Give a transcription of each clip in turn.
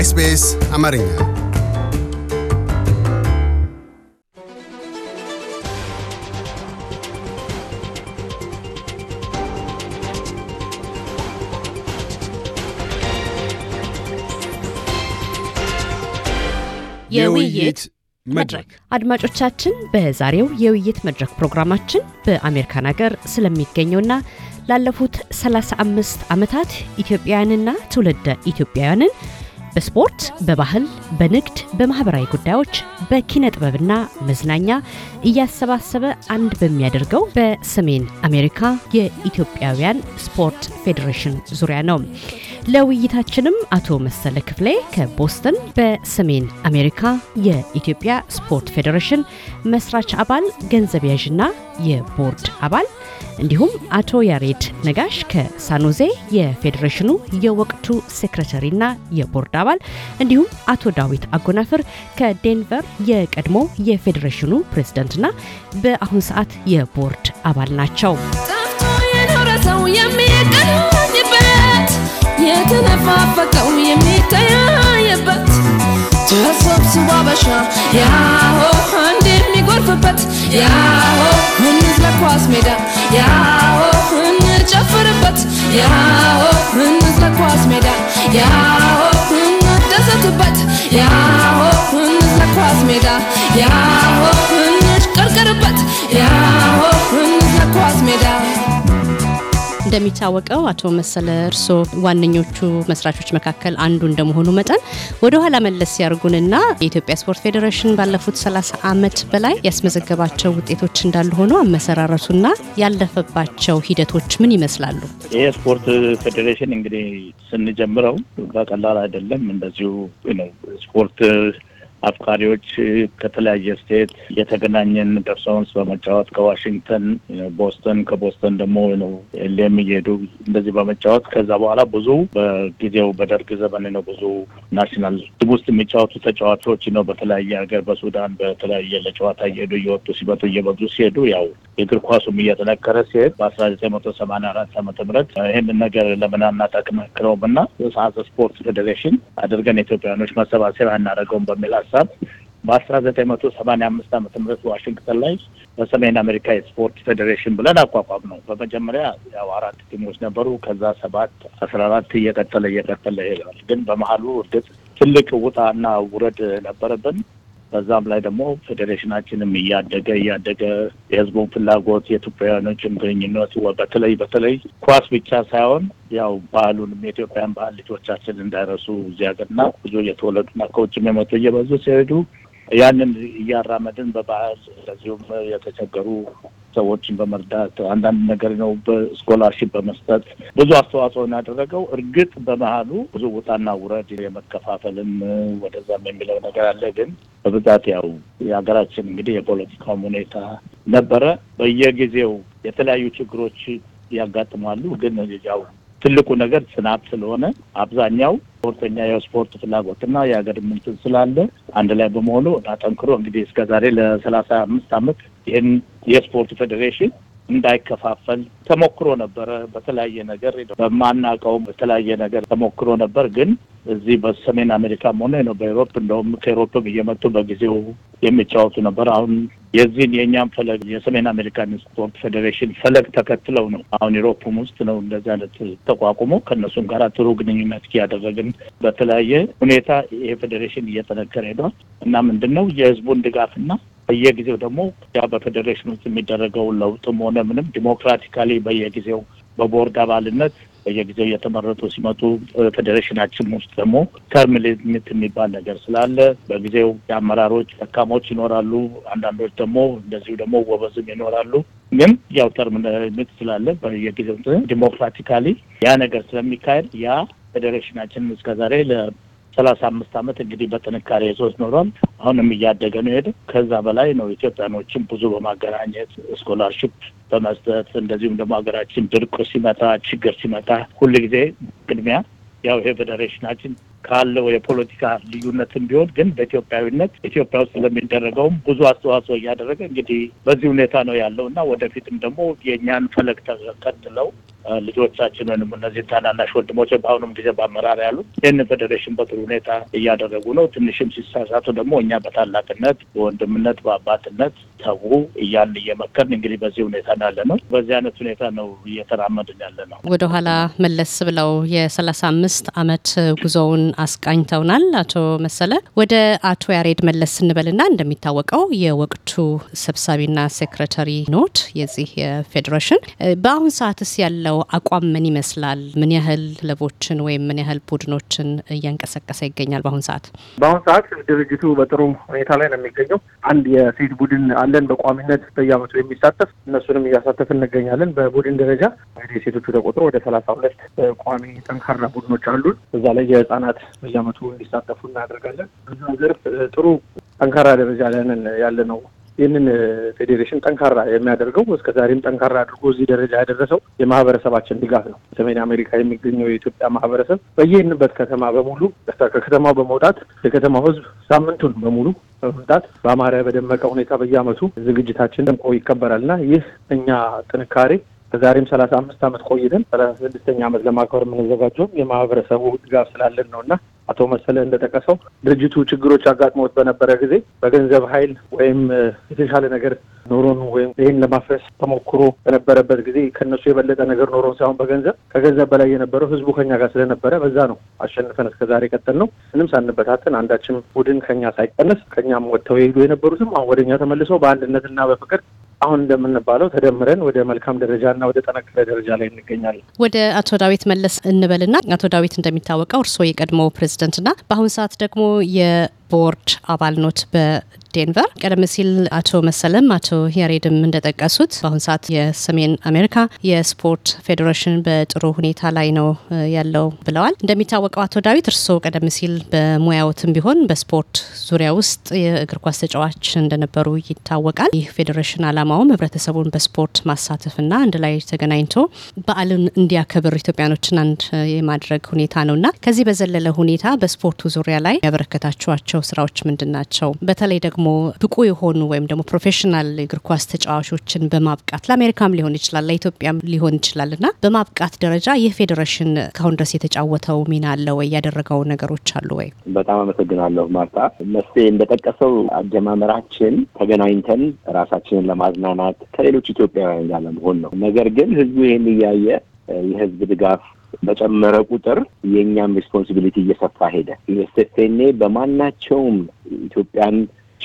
ኤስቢኤስ አማርኛ የውይይት መድረክ አድማጮቻችን፣ በዛሬው የውይይት መድረክ ፕሮግራማችን በአሜሪካን ሀገር ስለሚገኘውና ላለፉት 35 ዓመታት ኢትዮጵያውያንና ትውልደ ኢትዮጵያውያንን በስፖርት፣ በባህል፣ በንግድ፣ በማህበራዊ ጉዳዮች፣ በኪነ ጥበብና መዝናኛ እያሰባሰበ አንድ በሚያደርገው በሰሜን አሜሪካ የኢትዮጵያውያን ስፖርት ፌዴሬሽን ዙሪያ ነው። ለውይይታችንም አቶ መሰለ ክፍሌ ከቦስተን በሰሜን አሜሪካ የኢትዮጵያ ስፖርት ፌዴሬሽን መስራች አባል፣ ገንዘብ ያዥና የቦርድ አባል እንዲሁም አቶ ያሬድ ነጋሽ ከሳኖዜ የፌዴሬሽኑ የወቅቱ ሴክሬተሪና የቦርድ አባል እንዲሁም አቶ ዳዊት አጎናፍር ከዴንቨር የቀድሞ የፌዴሬሽኑ ፕሬዝደንትና በአሁን ሰዓት የቦርድ አባል ናቸው። የተነፋፈቀው የሚተያየበት ተሰብስቦ አበሻ ያሆ እንደሚጎርፍበት ያሆ እንዝለ ኳስ ሜዳ ያሆ እንጨፍርበት ያሆ እንዝለ ኳስ ሜዳ ያሆ እንሰትበት ያሆ እንዘኳስ ሜዳ ያሆ እንሽቀርቀርበት ያሆ እንዘኳስ ሜዳ እንደሚታወቀው አቶ መሰለ እርሶ ዋነኞቹ መስራቾች መካከል አንዱ እንደመሆኑ መጠን ወደኋላ መለስ ያርጉንና የኢትዮጵያ ስፖርት ፌዴሬሽን ባለፉት 30 ዓመት በላይ ያስመዘገባቸው ውጤቶች እንዳሉ ሆኖ አመሰራረቱና ያለፈባቸው ሂደቶች ምን ይመስላሉ? ይህ ስፖርት ፌዴሬሽን እንግዲህ ስንጀምረው በቀላል አይደለም። እንደዚሁ ነው ስፖርት አፍቃሪዎች ከተለያየ ስቴት የተገናኘን ደርሶንስ በመጫወት ከዋሽንግተን ቦስተን፣ ከቦስተን ደግሞ ነው ኤም እየሄዱ እንደዚህ በመጫወት ከዛ በኋላ ብዙ በጊዜው በደርግ ዘመን ነው ብዙ ናሽናል ቲም ውስጥ የሚጫወቱ ተጫዋቾች ነው በተለያየ ሀገር በሱዳን በተለያየ ለጨዋታ እየሄዱ እየወጡ ሲመጡ እየበዙ ሲሄዱ ያው የእግር ኳሱም እየተነከረ ሲሄድ በአስራ ዘጠኝ መቶ ሰማንያ አራት ዓመተ ምህረት ይህንን ነገር ለምን አናጠናክረውም እና ስፖርት ፌዴሬሽን አድርገን ኢትዮጵያኖች መሰባሰብ አናደርገውም በሚል ሀሳብ በአስራ ዘጠኝ መቶ ሰማንያ አምስት ምህረት ዋሽንግተን ላይ በሰሜን አሜሪካ የስፖርት ፌዴሬሽን ብለን አቋቋም ነው። በመጀመሪያ ያው አራት ቲሞች ነበሩ። ከዛ ሰባት አስራ አራት እየቀጠለ እየቀጠለ ይሄዳል። ግን በመሀሉ እርግጥ ትልቅ ውጣ እና ውረድ ነበረብን። በዛም ላይ ደግሞ ፌዴሬሽናችንም እያደገ እያደገ የህዝቡን ፍላጎት የኢትዮጵያውያኖችን ግንኙነት በተለይ በተለይ ኳስ ብቻ ሳይሆን ያው ባህሉንም የኢትዮጵያን ባህል ልጆቻችን እንዳይረሱ እዚህ ሀገርና ብዙ እየተወለዱና ከውጭም የመጡ እየበዙ ሲሄዱ ያንን እያራመድን በባህል እንደዚሁም የተቸገሩ ሰዎችን በመርዳት አንዳንድ ነገር ነው በስኮላርሽፕ በመስጠት ብዙ አስተዋጽኦ ያደረገው። እርግጥ በመሀሉ ብዙ ውጣና ውረድ የመከፋፈልም ወደዛም የሚለው ነገር አለ። ግን በብዛት ያው የሀገራችን እንግዲህ የፖለቲካውም ሁኔታ ነበረ። በየጊዜው የተለያዩ ችግሮች ያጋጥማሉ። ግን ያው ትልቁ ነገር ጽናት ስለሆነ አብዛኛው ስፖርተኛ የስፖርት ፍላጎትና የሀገር ምንትን ስላለ አንድ ላይ በመሆኑ አጠንክሮ እንግዲህ እስከዛሬ ለሰላሳ አምስት አመት ይህን የስፖርት ፌዴሬሽን እንዳይከፋፈል ተሞክሮ ነበረ። በተለያየ ነገር በማናውቀውም በተለያየ ነገር ተሞክሮ ነበር። ግን እዚህ በሰሜን አሜሪካም ሆነ ነው በኤሮፕ እንደውም ከኤሮፕም እየመጡ በጊዜው የሚጫወቱ ነበር። አሁን የዚህን የእኛም ፈለግ የሰሜን አሜሪካን ስፖርት ፌዴሬሽን ፈለግ ተከትለው ነው አሁን ኤሮፕም ውስጥ ነው እንደዚህ አይነት ተቋቁሞ ከእነሱም ጋር ጥሩ ግንኙነት እያደረግን በተለያየ ሁኔታ ይሄ ፌዴሬሽን እየጠነከረ ሄዷል እና ምንድን ነው የህዝቡን ድጋፍና በየጊዜው ደግሞ ያ በፌዴሬሽን ውስጥ የሚደረገው ለውጥም ሆነ ምንም ዲሞክራቲካሊ በየጊዜው በቦርድ አባልነት በየጊዜው እየተመረጡ ሲመጡ ፌዴሬሽናችን ውስጥ ደግሞ ተርም ሊሚት የሚባል ነገር ስላለ በጊዜው የአመራሮች ደካሞች ይኖራሉ። አንዳንዶች ደግሞ እንደዚሁ ደግሞ ወበዝም ይኖራሉ። ግን ያው ተርም ሊሚት ስላለ በየጊዜው ዲሞክራቲካሊ ያ ነገር ስለሚካሄድ ያ ፌዴሬሽናችን እስከዛሬ ሰላሳ አምስት አመት እንግዲህ በጥንካሬ ሶስት ኖሯል። አሁንም እያደገ ነው ሄደ። ከዛ በላይ ነው። ኢትዮጵያኖችን ብዙ በማገናኘት ስኮላርሽፕ በመስጠት እንደዚሁም ደግሞ ሀገራችን ድርቅ ሲመጣ ችግር ሲመጣ ሁል ጊዜ ቅድሚያ ያው ይሄ ፌዴሬሽናችን ካለው የፖለቲካ ልዩነትም ቢሆን ግን በኢትዮጵያዊነት ኢትዮጵያ ውስጥ ለሚደረገውም ብዙ አስተዋጽኦ እያደረገ እንግዲህ በዚህ ሁኔታ ነው ያለው እና ወደፊትም ደግሞ የእኛን ፈለግ ተከትለው ልጆቻችን እነዚህ ታናናሽ ወንድሞች በአሁኑም ጊዜ በአመራር ያሉት ይህን ፌዴሬሽን በጥሩ ሁኔታ እያደረጉ ነው። ትንሽም ሲሳሳቱ ደግሞ እኛ በታላቅነት በወንድምነት፣ በአባትነት ሰው እያልን እየመከርን እንግዲህ በዚህ ሁኔታ ነው ያለ ነው። በዚህ አይነት ሁኔታ ነው እየተራመድን ያለ ነው። ወደኋላ መለስ ብለው የሰላሳ አምስት አመት ጉዞውን አስቃኝተውናል አቶ መሰለ። ወደ አቶ ያሬድ መለስ ስንበልና እንደሚታወቀው የወቅቱ ሰብሳቢና ሴክሬታሪ ኖት የዚህ የፌዴሬሽን በአሁን ሰዓትስ ያለው አቋም ምን ይመስላል? ምን ያህል ክለቦችን ወይም ምን ያህል ቡድኖችን እያንቀሳቀሰ ይገኛል? በአሁን ሰዓት በአሁን ሰዓት ድርጅቱ በጥሩ ሁኔታ ላይ ነው የሚገኘው። አንድ የሴት ቡድን አለ አለን። በቋሚነት በየአመቱ የሚሳተፍ እነሱንም እያሳተፍ እንገኛለን። በቡድን ደረጃ እንግዲህ ሴቶቹ ተቆጥሮ ወደ ሰላሳ ሁለት ቋሚ ጠንካራ ቡድኖች አሉን። እዛ ላይ የህጻናት በየአመቱ እንዲሳተፉ እናደርጋለን። ብዙ ዘርፍ ጥሩ ጠንካራ ደረጃ ያለ ነው ይህንን ፌዴሬሽን ጠንካራ የሚያደርገው ዛሬም ጠንካራ አድርጎ እዚህ ደረጃ ያደረሰው የማህበረሰባችን ድጋፍ ነው። ሰሜን አሜሪካ የሚገኘው የኢትዮጵያ ማህበረሰብ በየንበት ከተማ በሙሉ ከከተማው በመውጣት የከተማው ህዝብ ሳምንቱን በሙሉ በመምጣት በአማረ በደመቀ ሁኔታ በየዓመቱ ዝግጅታችን ደምቆ ይከበራል እና ይህ እኛ ጥንካሬ ከዛሬም ሰላሳ አምስት ዓመት ቆይተን ሰላሳ ስድስተኛ ዓመት ለማክበር የምንዘጋጀው የማህበረሰቡ ድጋፍ ስላለን ነው እና አቶ መሰለ እንደጠቀሰው ድርጅቱ ችግሮች አጋጥሞት በነበረ ጊዜ በገንዘብ ኃይል ወይም የተሻለ ነገር ኖሮን ወይም ይህን ለማፍረስ ተሞክሮ በነበረበት ጊዜ ከነሱ የበለጠ ነገር ኖሮን ሳይሆን በገንዘብ ከገንዘብ በላይ የነበረው ህዝቡ ከኛ ጋር ስለነበረ በዛ ነው አሸንፈን እስከዛሬ ቀጠል ነው። ምንም ሳንበታተን አንዳችም ቡድን ከኛ ሳይቀነስ ከኛም ወጥተው የሄዱ የነበሩትም አሁን ወደኛ ተመልሰው በአንድነትና በፍቅር አሁን እንደምንባለው ተደምረን ወደ መልካም ደረጃና ወደ ጠነከረ ደረጃ ላይ እንገኛለን። ወደ አቶ ዳዊት መለስ እንበልና አቶ ዳዊት እንደሚታወቀው እርስዎ የቀድሞ ፕሬዚደንትና በአሁን ሰዓት ደግሞ ቦርድ አባል ኖት በዴንቨር። ቀደም ሲል አቶ መሰለም አቶ ያሬድም እንደጠቀሱት በአሁን ሰዓት የሰሜን አሜሪካ የስፖርት ፌዴሬሽን በጥሩ ሁኔታ ላይ ነው ያለው ብለዋል። እንደሚታወቀው አቶ ዳዊት እርስዎ ቀደም ሲል በሙያዎትም ቢሆን በስፖርት ዙሪያ ውስጥ የእግር ኳስ ተጫዋች እንደነበሩ ይታወቃል። ይህ ፌዴሬሽን ዓላማውም ህብረተሰቡን በስፖርት ማሳተፍና አንድ ላይ ተገናኝቶ በዓልን እንዲያከብር ኢትዮጵያኖችን አንድ የማድረግ ሁኔታ ነውና ከዚህ በዘለለ ሁኔታ በስፖርቱ ዙሪያ ላይ ያበረከታችኋቸው ስራዎች ምንድን ናቸው? በተለይ ደግሞ ብቁ የሆኑ ወይም ደግሞ ፕሮፌሽናል እግር ኳስ ተጫዋቾችን በማብቃት ለአሜሪካም ሊሆን ይችላል፣ ለኢትዮጵያም ሊሆን ይችላል እና በማብቃት ደረጃ ይህ ፌዴሬሽን እስካሁን ድረስ የተጫወተው ሚና አለ ወይ? ያደረገው ነገሮች አሉ ወይ? በጣም አመሰግናለሁ ማርታ። መስቴ እንደጠቀሰው አጀማመራችን ተገናኝተን ራሳችንን ለማዝናናት ከሌሎች ኢትዮጵያውያን ጋር ለመሆን ነው። ነገር ግን ህዝቡ ይህን እያየ የህዝብ ድጋፍ በጨመረ ቁጥር የእኛም ሪስፖንሲቢሊቲ እየሰፋ ሄደ። ዩኤስኤፍኤን በማናቸውም ኢትዮጵያን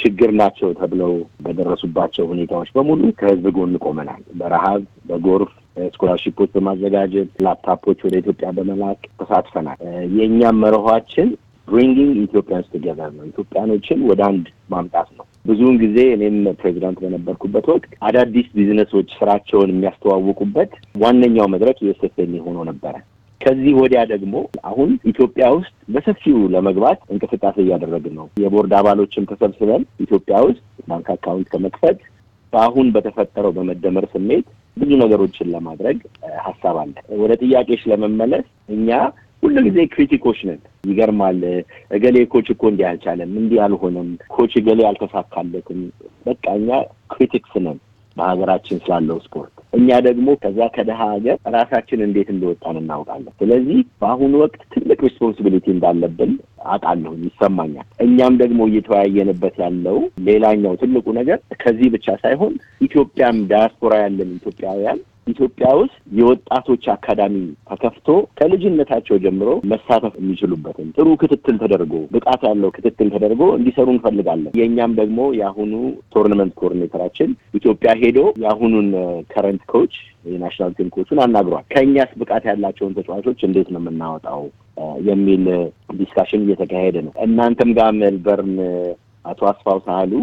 ችግር ናቸው ተብለው በደረሱባቸው ሁኔታዎች በሙሉ ከህዝብ ጎን ቆመናል። በረሀብ፣ በጎርፍ ስኮላርሺፖች በማዘጋጀት ላፕታፖች ወደ ኢትዮጵያ በመላክ ተሳትፈናል። የእኛም መርኋችን ብሪንጊንግ ኢትዮጵያንስ ቱጌዘር ነው። ኢትዮጵያኖችን ወደ አንድ ማምጣት ነው። ብዙውን ጊዜ እኔም ፕሬዚዳንት በነበርኩበት ወቅት አዳዲስ ቢዝነሶች ስራቸውን የሚያስተዋውቁበት ዋነኛው መድረክ የኤስኤፍኤን ሆኖ ነበረ። ከዚህ ወዲያ ደግሞ አሁን ኢትዮጵያ ውስጥ በሰፊው ለመግባት እንቅስቃሴ እያደረግን ነው። የቦርድ አባሎችም ተሰብስበን ኢትዮጵያ ውስጥ ባንክ አካውንት ከመክፈት በአሁን በተፈጠረው በመደመር ስሜት ብዙ ነገሮችን ለማድረግ ሀሳብ አለ። ወደ ጥያቄሽ ለመመለስ እኛ ሁሉ ጊዜ ክሪቲኮች ነን። ይገርማል። እገሌ ኮች እኮ እንዲህ አልቻለም፣ እንዲህ አልሆነም፣ ኮች እገሌ አልተሳካለትም። በቃ እኛ ክሪቲክስ ነን በሀገራችን ስላለው ስፖርት እኛ ደግሞ ከዛ ከደሀ ሀገር ራሳችን እንዴት እንደወጣን እናውቃለን። ስለዚህ በአሁኑ ወቅት ትልቅ ሪስፖንሲቢሊቲ እንዳለብን አውቃለሁ፣ ይሰማኛል። እኛም ደግሞ እየተወያየንበት ያለው ሌላኛው ትልቁ ነገር ከዚህ ብቻ ሳይሆን ኢትዮጵያም ዳያስፖራ ያለን ኢትዮጵያውያን ኢትዮጵያ ውስጥ የወጣቶች አካዳሚ ተከፍቶ ከልጅነታቸው ጀምሮ መሳተፍ የሚችሉበትን ጥሩ ክትትል ተደርጎ ብቃት ያለው ክትትል ተደርጎ እንዲሰሩ እንፈልጋለን። የእኛም ደግሞ የአሁኑ ቶርናመንት ኮኦርዲኔተራችን ኢትዮጵያ ሄዶ የአሁኑን ከረንት ኮች የናሽናል ቲም ኮቹን አናግሯል። ከእኛስ ብቃት ያላቸውን ተጫዋቾች እንዴት ነው የምናወጣው የሚል ዲስካሽን እየተካሄደ ነው። እናንተም ጋር ሜልበርን አቶ አስፋው ሳህሉ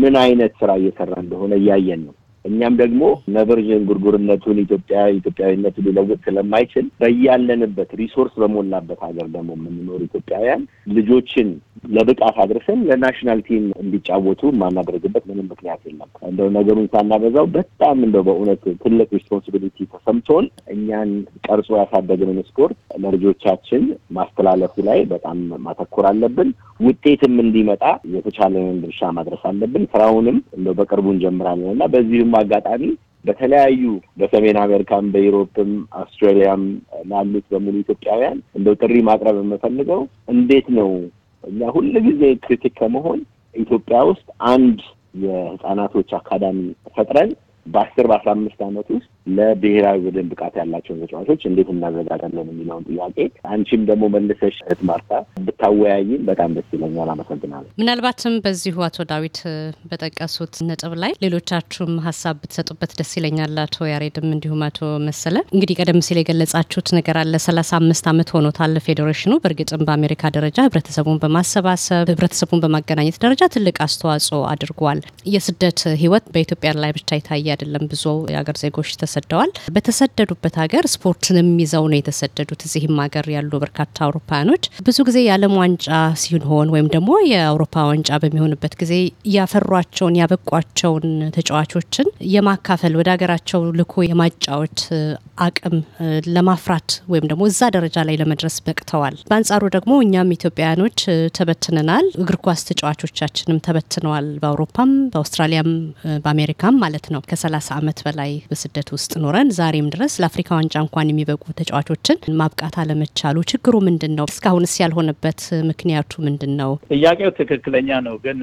ምን አይነት ስራ እየሰራ እንደሆነ እያየን ነው። እኛም ደግሞ ነብር ዥንጉርጉርነቱን ኢትዮጵያ ኢትዮጵያዊነቱ ሊለውጥ ስለማይችል በያለንበት ሪሶርስ በሞላበት ሀገር ደግሞ የምንኖር ኢትዮጵያውያን ልጆችን ለብቃት አድርሰን ለናሽናል ቲም እንዲጫወቱ ማናደርግበት ምንም ምክንያት የለም። እንደው ነገሩን ሳናበዛው በጣም እንደው በእውነት ትልቅ ሪስፖንሲቢሊቲ ተሰምቶን እኛን ቀርጾ ያሳደግንን ስፖርት ለልጆቻችን ማስተላለፉ ላይ በጣም ማተኮር አለብን። ውጤትም እንዲመጣ የተቻለንን ድርሻ ማድረስ አለብን። ስራውንም እንደው በቅርቡ እንጀምራለን እና በዚህም አጋጣሚ በተለያዩ በሰሜን አሜሪካም በኢሮፕም አውስትራሊያም ላሉት በሙሉ ኢትዮጵያውያን እንደው ጥሪ ማቅረብ የምፈልገው እንዴት ነው እኛ ሁሉ ጊዜ ክሪቲክ ከመሆን ኢትዮጵያ ውስጥ አንድ የህፃናቶች አካዳሚ ፈጥረን በአስር በአስራ አምስት አመት ውስጥ ለብሔራዊ ቡድን ብቃት ያላቸውን ተጫዋቾች እንዴት እናዘጋጃለን የሚለውን ጥያቄ አንቺም ደግሞ መልሰሽ እህት ማርታ ብታወያይም በጣም ደስ ይለኛል። አመሰግናለሁ። ምናልባትም በዚሁ አቶ ዳዊት በጠቀሱት ነጥብ ላይ ሌሎቻችሁም ሀሳብ ብትሰጡበት ደስ ይለኛል። አቶ ያሬድም እንዲሁም አቶ መሰለ እንግዲህ ቀደም ሲል የገለጻችሁት ነገር አለ። ሰላሳ አምስት ዓመት ሆኖታል ፌዴሬሽኑ በእርግጥም በአሜሪካ ደረጃ ህብረተሰቡን በማሰባሰብ ህብረተሰቡን በማገናኘት ደረጃ ትልቅ አስተዋጽኦ አድርጓል። የስደት ህይወት በኢትዮጵያ ላይ ብቻ የታየ አይደለም። ብዙ የሀገር ዜጎች ተሰደዋል። በተሰደዱበት ሀገር ስፖርትንም ይዘው ነው የተሰደዱት። እዚህም ሀገር ያሉ በርካታ አውሮፓውያኖች ብዙ ጊዜ የዓለም ዋንጫ ሲሆን ወይም ደግሞ የአውሮፓ ዋንጫ በሚሆንበት ጊዜ ያፈሯቸውን ያበቋቸውን ተጫዋቾችን የማካፈል ወደ ሀገራቸው ልኮ የማጫወት አቅም ለማፍራት ወይም ደግሞ እዛ ደረጃ ላይ ለመድረስ በቅተዋል። በአንጻሩ ደግሞ እኛም ኢትዮጵያውያኖች ተበትነናል። እግር ኳስ ተጫዋቾቻችንም ተበትነዋል። በአውሮፓም፣ በአውስትራሊያም፣ በአሜሪካም ማለት ነው ከሰላሳ ዓመት በላይ በስደት ውስጥ ውስጥ ኖረን ዛሬም ድረስ ለአፍሪካ ዋንጫ እንኳን የሚበቁ ተጫዋቾችን ማብቃት አለመቻሉ ችግሩ ምንድን ነው? እስካሁንስ ያልሆነበት ምክንያቱ ምንድን ነው? ጥያቄው ትክክለኛ ነው፣ ግን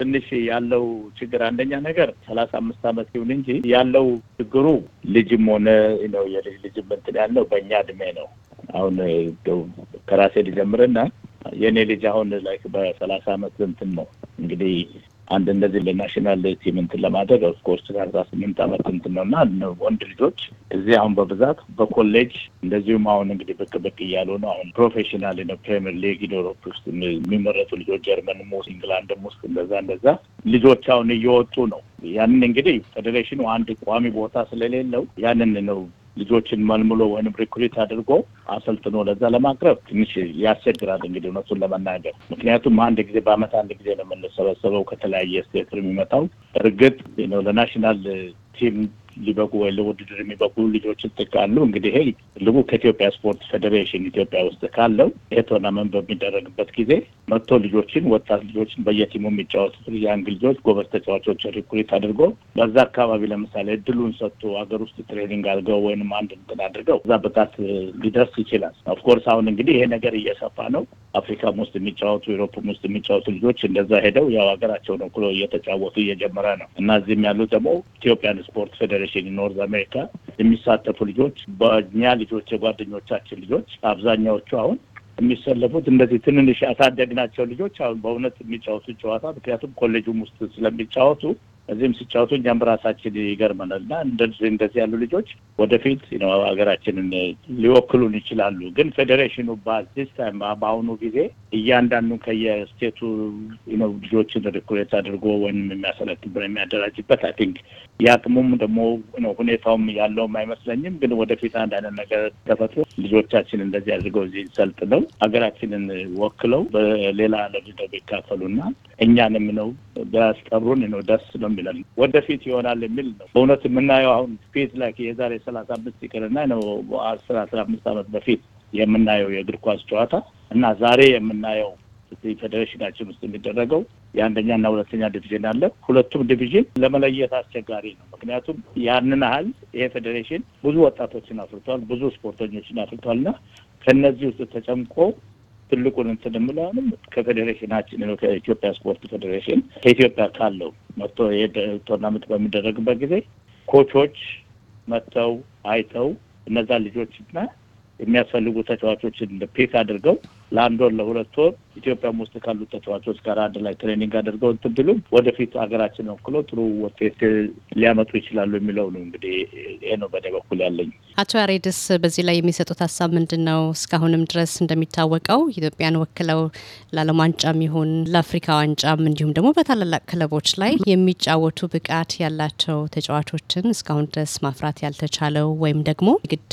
ትንሽ ያለው ችግር አንደኛ ነገር ሰላሳ አምስት ዓመት ይሁን እንጂ ያለው ችግሩ ልጅም ሆነ ነው የልጅ ልጅም እንትን ያለው በእኛ እድሜ ነው። አሁን ከራሴ ልጀምርና የእኔ ልጅ አሁን ላይክ በሰላሳ አመት እንትን ነው እንግዲህ አንድ እንደዚህ ለናሽናል ቲምንትን ለማድረግ ኦፍኮርስ ከአስራ ስምንት አመት እንትን ነው እና ወንድ ልጆች እዚህ አሁን በብዛት በኮሌጅ እንደዚሁም አሁን እንግዲህ ብቅ ብቅ እያሉ ነው። አሁን ፕሮፌሽናል ነው ፕሪሚየር ሊግ ዩሮፕ ውስጥ የሚመረጡ ልጆች ጀርመንም ውስጥ እንግላንድም ውስጥ እንደዛ እንደዛ ልጆች አሁን እየወጡ ነው። ያንን እንግዲህ ፌዴሬሽኑ አንድ ቋሚ ቦታ ስለሌለው ያንን ነው ልጆችን መልምሎ ወይም ሪኩሪት አድርጎ አሰልጥኖ ለዛ ለማቅረብ ትንሽ ያስቸግራል። እንግዲህ እውነቱን ለመናገር ምክንያቱም አንድ ጊዜ በአመት አንድ ጊዜ ነው የምንሰበሰበው ከተለያየ ስቴት የሚመጣው እርግጥ ለናሽናል ቲም ሊበቁ ወይ ለውድድር የሚበቁ ልጆች ይጠቃሉ። እንግዲህ ይሄ ልቡ ከኢትዮጵያ ስፖርት ፌዴሬሽን ኢትዮጵያ ውስጥ ካለው ይሄ ቶርናመንት በሚደረግበት ጊዜ መጥቶ ልጆችን ወጣት ልጆችን በየቲሙ የሚጫወቱ ያንግ ልጆች ጎበዝ ተጫዋቾች ሪኩሪት አድርጎ በዛ አካባቢ ለምሳሌ እድሉን ሰጥቶ ሀገር ውስጥ ትሬኒንግ አድርገው ወይም አንድ እንትን አድርገው እዛ ብቃት ሊደርስ ይችላል። ኦፍኮርስ አሁን እንግዲህ ይሄ ነገር እየሰፋ ነው። አፍሪካም ውስጥ የሚጫወቱ ዩሮፕም ውስጥ የሚጫወቱ ልጆች እንደዛ ሄደው ያው ሀገራቸው ነው እየተጫወቱ እየጀመረ ነው እና እዚህም ያሉት ደግሞ ኢትዮጵያን ስፖርት ፌዴሬሽን ፌዴሬሽን ኖርዝ አሜሪካ የሚሳተፉ ልጆች በእኛ ልጆች የጓደኞቻችን ልጆች አብዛኛዎቹ አሁን የሚሰለፉት እንደዚህ ትንንሽ ያሳደግናቸው ልጆች አሁን በእውነት የሚጫወቱ ጨዋታ ምክንያቱም ኮሌጁም ውስጥ ስለሚጫወቱ እዚህም ሲጫወቱ እኛም ራሳችን ይገርመናል እና እንደዚህ እንደዚህ ያሉ ልጆች ወደፊት ሀገራችንን ሊወክሉን ይችላሉ። ግን ፌዴሬሽኑ በሲስተም በአሁኑ ጊዜ እያንዳንዱ ከየስቴቱ ልጆችን ሪኩሬት አድርጎ ወይም የሚያሰለጥበት የሚያደራጅበት አይ ቲንክ የአቅሙም ደግሞ ነው ሁኔታውም ያለውም አይመስለኝም። ግን ወደፊት አንድ አይነት ነገር ተፈጥሮ ልጆቻችን እንደዚህ አድርገው እዚህ ሰልጥነው ሀገራችንን ወክለው በሌላ ዓለም ነው ቢካፈሉና እኛንም ነው ቢያስጠሩን ነው ደስ ነው የሚለን ወደፊት ይሆናል የሚል ነው። በእውነት የምናየው አሁን ፊት ላይ የዛሬ ሰላሳ አምስት ይቅርና ነው አስር አስራ አምስት ዓመት በፊት የምናየው የእግር ኳስ ጨዋታ እና ዛሬ የምናየው ፌዴሬሽናችን ውስጥ የሚደረገው የአንደኛ እና ሁለተኛ ዲቪዥን አለ። ሁለቱም ዲቪዥን ለመለየት አስቸጋሪ ነው። ምክንያቱም ያንን ያህል ይሄ ፌዴሬሽን ብዙ ወጣቶችን አፍርቷል፣ ብዙ ስፖርተኞችን አፍርቷል እና ከእነዚህ ውስጥ ተጨምቆ ትልቁን እንትን የምለውንም ከፌዴሬሽናችን ከኢትዮጵያ ስፖርት ፌዴሬሽን ከኢትዮጵያ ካለው መጥቶ ቶርናመንት በሚደረግበት ጊዜ ኮቾች መጥተው አይተው እነዛ ልጆችና የሚያስፈልጉ ተጫዋቾችን ፒክ አድርገው ለአንድ ወር ለሁለት ወር ኢትዮጵያም ውስጥ ካሉ ተጫዋቾች ጋር አንድ ላይ ትሬኒንግ አድርገው እንትን ቢሉም ወደፊት ሀገራችንን ወክሎ ጥሩ ውጤት ሊያመጡ ይችላሉ የሚለው ነው። እንግዲህ ይሄ ነው በእኔ በኩል ያለኝ። አቶ ያሬድስ በዚህ ላይ የሚሰጡት ሀሳብ ምንድን ነው? እስካሁንም ድረስ እንደሚታወቀው ኢትዮጵያን ወክለው ለዓለም ዋንጫም ይሁን ለአፍሪካ ዋንጫም እንዲሁም ደግሞ በታላላቅ ክለቦች ላይ የሚጫወቱ ብቃት ያላቸው ተጫዋቾችን እስካሁን ድረስ ማፍራት ያልተቻለው ወይም ደግሞ ግድ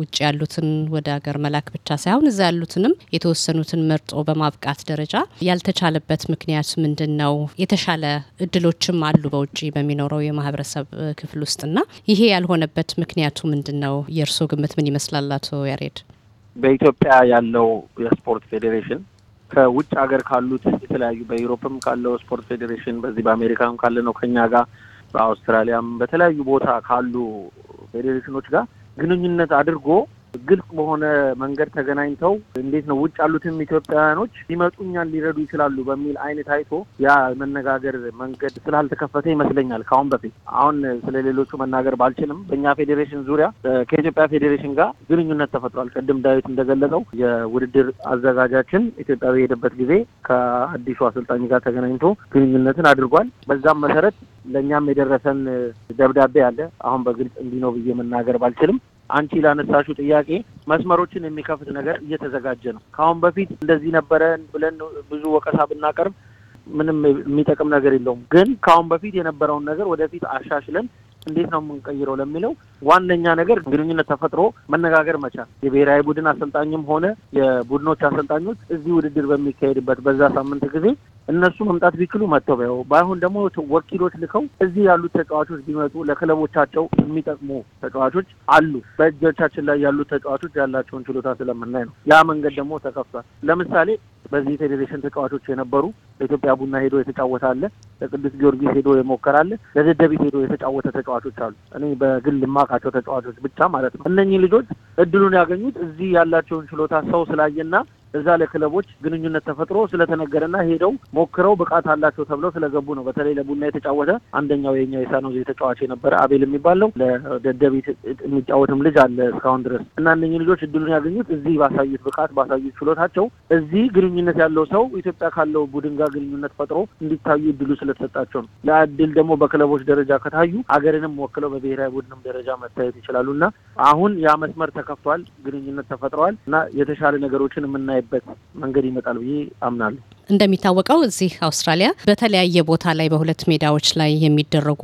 ውጭ ያሉትን ወደ ሀገር መላክ ብቻ ሳይሆን እዛ ያሉትንም የተወሰኑትን መርጦ በማ ማብቃት ደረጃ ያልተቻለበት ምክንያት ምንድን ነው? የተሻለ እድሎችም አሉ በውጭ በሚኖረው የማህበረሰብ ክፍል ውስጥና ይሄ ያልሆነበት ምክንያቱ ምንድን ነው? የእርስዎ ግምት ምን ይመስላል? አቶ ያሬድ። በኢትዮጵያ ያለው የስፖርት ፌዴሬሽን ከውጭ ሀገር ካሉት የተለያዩ በዩሮፕም ካለው ስፖርት ፌዴሬሽን በዚህ በአሜሪካም ካለ ነው ከኛ ጋር በአውስትራሊያም በተለያዩ ቦታ ካሉ ፌዴሬሽኖች ጋር ግንኙነት አድርጎ ግልጽ በሆነ መንገድ ተገናኝተው እንዴት ነው ውጭ ያሉትም ኢትዮጵያውያኖች ሊመጡ ሊረዱ ይችላሉ በሚል አይነት አይቶ ያ መነጋገር መንገድ ስላልተከፈተ ይመስለኛል። ከአሁን በፊት አሁን ስለ ሌሎቹ መናገር ባልችልም በእኛ ፌዴሬሽን ዙሪያ ከኢትዮጵያ ፌዴሬሽን ጋር ግንኙነት ተፈጥሯል። ቅድም ዳዊት እንደገለጸው የውድድር አዘጋጃችን ኢትዮጵያ በሄደበት ጊዜ ከአዲሱ አሰልጣኝ ጋር ተገናኝቶ ግንኙነትን አድርጓል። በዛም መሰረት ለእኛም የደረሰን ደብዳቤ አለ። አሁን በግልጽ እንዲህ ነው ብዬ መናገር ባልችልም አንቺ ላነሳሹ ጥያቄ መስመሮችን የሚከፍት ነገር እየተዘጋጀ ነው። ከአሁን በፊት እንደዚህ ነበረን ብለን ብዙ ወቀሳ ብናቀርብ ምንም የሚጠቅም ነገር የለውም። ግን ከአሁን በፊት የነበረውን ነገር ወደፊት አሻሽለን እንዴት ነው የምንቀይረው ለሚለው ዋነኛ ነገር ግንኙነት ተፈጥሮ መነጋገር መቻል። የብሔራዊ ቡድን አሰልጣኝም ሆነ የቡድኖች አሰልጣኞች እዚህ ውድድር በሚካሄድበት በዛ ሳምንት ጊዜ እነሱ መምጣት ቢችሉ መጥተው በው ባይሆን ደግሞ ወኪሎች ልከው እዚህ ያሉት ተጫዋቾች ቢመጡ ለክለቦቻቸው የሚጠቅሙ ተጫዋቾች አሉ። በእጆቻችን ላይ ያሉት ተጫዋቾች ያላቸውን ችሎታ ስለምናይ ነው። ያ መንገድ ደግሞ ተከፍቷል። ለምሳሌ በዚህ ፌዴሬሽን ተጫዋቾች የነበሩ ለኢትዮጵያ ቡና ሄዶ የተጫወተ አለ። ለቅዱስ ጊዮርጊስ ሄዶ የሞከረ አለ። ለደደቢት ሄዶ የተጫወተ ተጫዋቾች አሉ። እኔ በግል የማውቃቸው ተጫዋቾች ብቻ ማለት ነው። እነኚህ ልጆች እድሉን ያገኙት እዚህ ያላቸውን ችሎታ ሰው ስላየና እዛ ለክለቦች ግንኙነት ተፈጥሮ ስለተነገረና ሄደው ሞክረው ብቃት አላቸው ተብለው ስለገቡ ነው። በተለይ ለቡና የተጫወተ አንደኛው የኛው የሳኖዜ የተጫዋች የነበረ አቤል የሚባለው ለደደቢት የሚጫወትም ልጅ አለ እስካሁን ድረስ እና እነኝህ ልጆች እድሉን ያገኙት እዚህ ባሳዩት ብቃት ባሳዩት ችሎታቸው እዚህ ግንኙነት ያለው ሰው ኢትዮጵያ ካለው ቡድን ጋር ግንኙነት ፈጥሮ እንዲታዩ እድሉ ስለተሰጣቸው ነው። ለእድል ደግሞ በክለቦች ደረጃ ከታዩ አገርንም ወክለው በብሔራዊ ቡድንም ደረጃ መታየት ይችላሉ እና አሁን ያ መስመር ተከፍቷል፣ ግንኙነት ተፈጥረዋል እና የተሻለ ነገሮችን የምናይ የምናይበት መንገድ ይመጣል ብዬ አምናለሁ። እንደሚታወቀው እዚህ አውስትራሊያ በተለያየ ቦታ ላይ በሁለት ሜዳዎች ላይ የሚደረጉ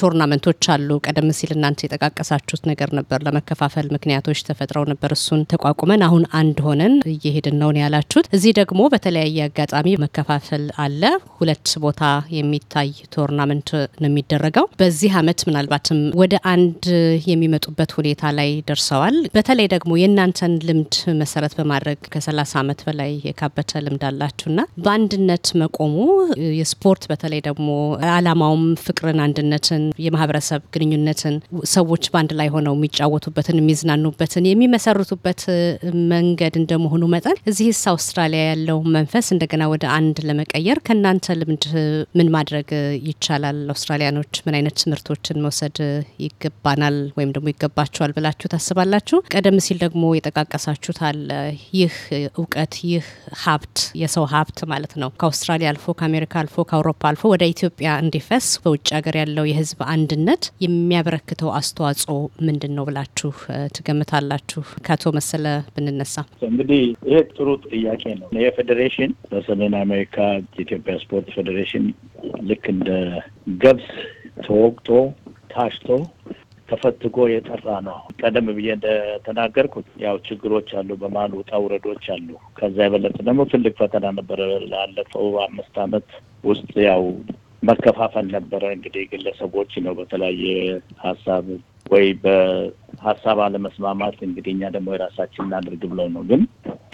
ቶርናመንቶች አሉ። ቀደም ሲል እናንተ የጠቃቀሳችሁት ነገር ነበር። ለመከፋፈል ምክንያቶች ተፈጥረው ነበር። እሱን ተቋቁመን አሁን አንድ ሆነን እየሄድን ነውን ያላችሁት። እዚህ ደግሞ በተለያየ አጋጣሚ መከፋፈል አለ። ሁለት ቦታ የሚታይ ቶርናመንት ነው የሚደረገው። በዚህ አመት ምናልባትም ወደ አንድ የሚመጡበት ሁኔታ ላይ ደርሰዋል። በተለይ ደግሞ የእናንተን ልምድ መሰረት በማድረግ ከሰላሳ አመት በላይ የካበተ ልምድ አላችሁና በአንድነት መቆሙ የስፖርት በተለይ ደግሞ አላማውም ፍቅርን፣ አንድነትን ያንን የማህበረሰብ ግንኙነትን ሰዎች በአንድ ላይ ሆነው የሚጫወቱበትን የሚዝናኑበትን የሚመሰርቱበት መንገድ እንደመሆኑ መጠን እዚህስ አውስትራሊያ ያለው መንፈስ እንደገና ወደ አንድ ለመቀየር ከእናንተ ልምድ ምን ማድረግ ይቻላል? አውስትራሊያኖች ምን አይነት ትምህርቶችን መውሰድ ይገባናል ወይም ደግሞ ይገባቸዋል ብላችሁ ታስባላችሁ? ቀደም ሲል ደግሞ የጠቃቀሳችሁት አለ። ይህ እውቀት ይህ ሀብት የሰው ሀብት ማለት ነው ከአውስትራሊያ አልፎ ከአሜሪካ አልፎ ከአውሮፓ አልፎ ወደ ኢትዮጵያ እንዲፈስ በውጭ ሀገር ያለው የህዝብ ህዝብ አንድነት የሚያበረክተው አስተዋጽኦ ምንድን ነው ብላችሁ ትገምታላችሁ? ከአቶ መሰለ ብንነሳ። እንግዲህ ይሄ ጥሩ ጥያቄ ነው። ይሄ ፌዴሬሽን በሰሜን አሜሪካ የኢትዮጵያ ስፖርት ፌዴሬሽን ልክ እንደ ገብስ ተወቅጦ ታሽቶ ተፈትጎ የጠራ ነው። ቀደም ብዬ እንደተናገርኩት ያው ችግሮች አሉ፣ በማሉ ውጣ ውረዶች አሉ። ከዛ የበለጠ ደግሞ ትልቅ ፈተና ነበረ ላለፈው አምስት አመት ውስጥ ያው መከፋፈል ነበረ። እንግዲህ ግለሰቦች ነው በተለያየ ሀሳብ ወይ በሀሳብ አለመስማማት እንግዲህ እኛ ደግሞ የራሳችን እናድርግ ብለው ነው። ግን